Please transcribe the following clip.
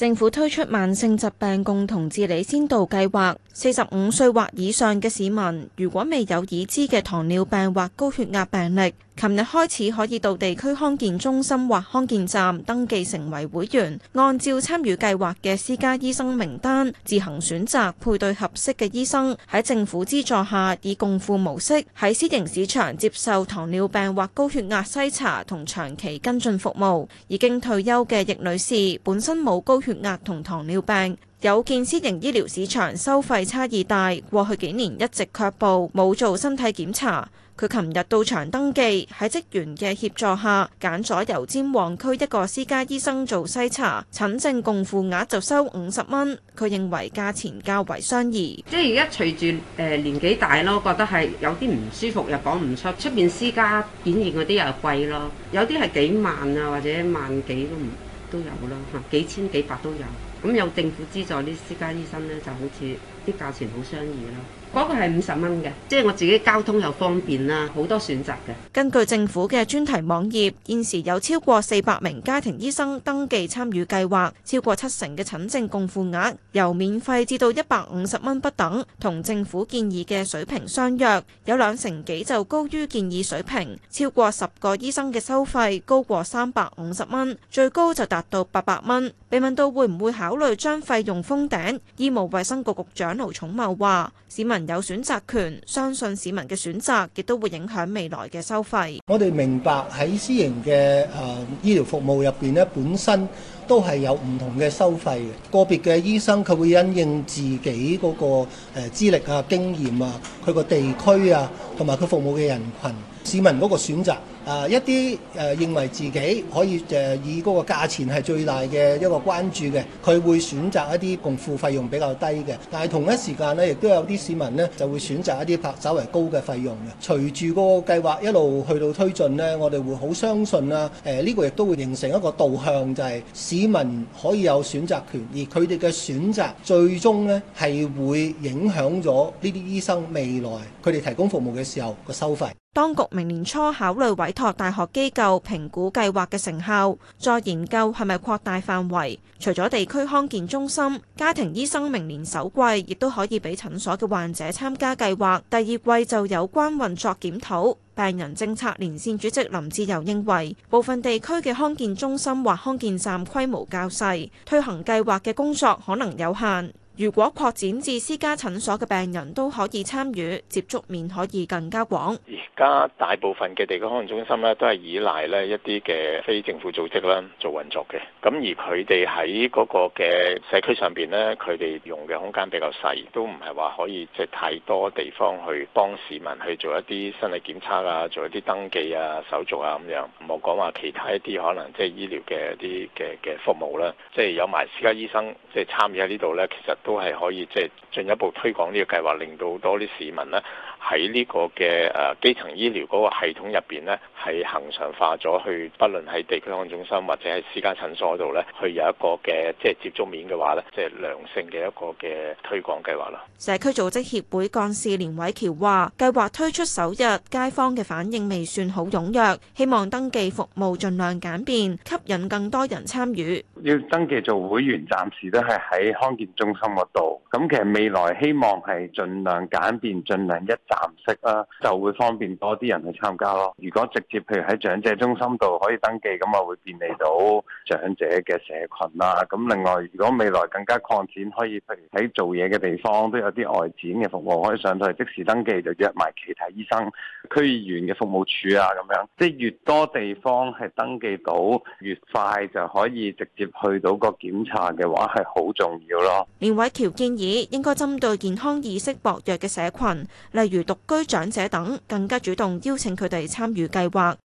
政府推出慢性疾病共同治理先導計劃，四十五歲或以上嘅市民，如果未有已知嘅糖尿病或高血壓病歷，琴日開始可以到地區康健中心或康健站登記成為會員，按照參與計劃嘅私家醫生名單自行選擇配對合適嘅醫生，喺政府資助下以共付模式喺私營市場接受糖尿病或高血壓篩查同長期跟進服務。已經退休嘅易女士本身冇高血血壓同糖尿病，有見私營醫療市場收費差異大，過去幾年一直卻步，冇做身體檢查。佢琴日到場登記，喺職員嘅協助下揀咗油尖旺區一個私家醫生做篩查，診症共付額就收五十蚊。佢認為價錢較為相宜，即係而家隨住誒，年紀大咯，覺得係有啲唔舒服又講唔出，出面私家檢驗嗰啲又貴咯，有啲係幾萬啊或者萬幾都唔。都有啦，吓，幾千幾百都有。咁有政府資助呢，私家醫生呢就好似啲價錢好相宜咯。嗰個係五十蚊嘅，即係我自己交通又方便啦，好多選擇嘅。根據政府嘅專題網頁，現時有超過四百名家庭醫生登記參與計劃，超過七成嘅診症共付額由免費至到一百五十蚊不等，同政府建議嘅水平相若，有兩成幾就高於建議水平。超過十個醫生嘅收費高過三百五十蚊，最高就達到八百蚊。被問到會唔會考慮將費用封頂，醫務衛生局局長盧寵茂話：市民有選擇權，相信市民嘅選擇亦都會影響未來嘅收費。我哋明白喺私營嘅誒醫療服務入邊咧，本身，都係有唔同嘅收費嘅，個別嘅醫生佢會因應自己嗰個誒資歷啊、經驗啊、佢個地區啊，同埋佢服務嘅人群市民嗰個選擇。誒、啊、一啲誒、啊、認為自己可以誒、啊、以嗰個價錢係最大嘅一個關注嘅，佢會選擇一啲共付費用比較低嘅。但係同一時間咧，亦都有啲市民咧就會選擇一啲拍稍為高嘅費用嘅。隨住個計劃一路去到推進咧，我哋會好相信啦、啊。誒、啊、呢、呢個亦都會形成一個導向，就係市。市民可以有選擇權，而佢哋嘅選擇最終咧係會影響咗呢啲醫生未來佢哋提供服務嘅時候個收費。當局明年初考慮委託大學機構評估計劃嘅成效，再研究係咪擴大範圍。除咗地區康健中心，家庭醫生明年首季亦都可以俾診所嘅患者參加計劃，第二季就有關運作檢討。病人政策連線主席林志游認為，部分地區嘅康健中心或康健站規模較細，推行計劃嘅工作可能有限。如果擴展至私家診所嘅病人都可以參與，接觸面可以更加廣。而家大部分嘅地區康健中心咧，都係依賴咧一啲嘅非政府組織啦做運作嘅。咁而佢哋喺嗰個嘅社區上邊咧，佢哋用嘅空間比較細，都唔係話可以即係太多地方去幫市民去做一啲身體檢查啊，做一啲登記啊、手續啊咁樣。唔好講話其他一啲可能即係醫療嘅一啲嘅嘅服務啦，即係有埋私家醫生即係參與喺呢度咧，其實。都係可以即係進一步推廣呢個計劃，令到多啲市民咧喺呢個嘅誒基層醫療嗰個系統入邊咧係恒常化咗去，不論喺地區康中心或者喺私家診所度咧，去有一個嘅即係接觸面嘅話咧，即係良性嘅一個嘅推廣計劃啦。社區組織協會幹事連偉橋話，計劃推出首日，街坊嘅反應未算好踊躍，希望登記服務盡量簡便，吸引更多人參與。要登記做會員，暫時都係喺康健中心嗰度。咁其實未來希望係盡量簡便，盡量一站式啦，就會方便多啲人去參加咯。如果直接譬如喺長者中心度可以登記，咁啊會便利到長者嘅社群啦。咁另外，如果未來更加擴展，可以譬如喺做嘢嘅地方都有啲外展嘅服務，可以上到台即時登記，就約埋其他醫生、區議員嘅服務處啊，咁樣。即係越多地方係登記到，越快就可以直接。去到個檢查嘅話係好重要咯。連偉橋建議應該針對健康意識薄弱嘅社群，例如獨居長者等，更加主動邀請佢哋參與計劃。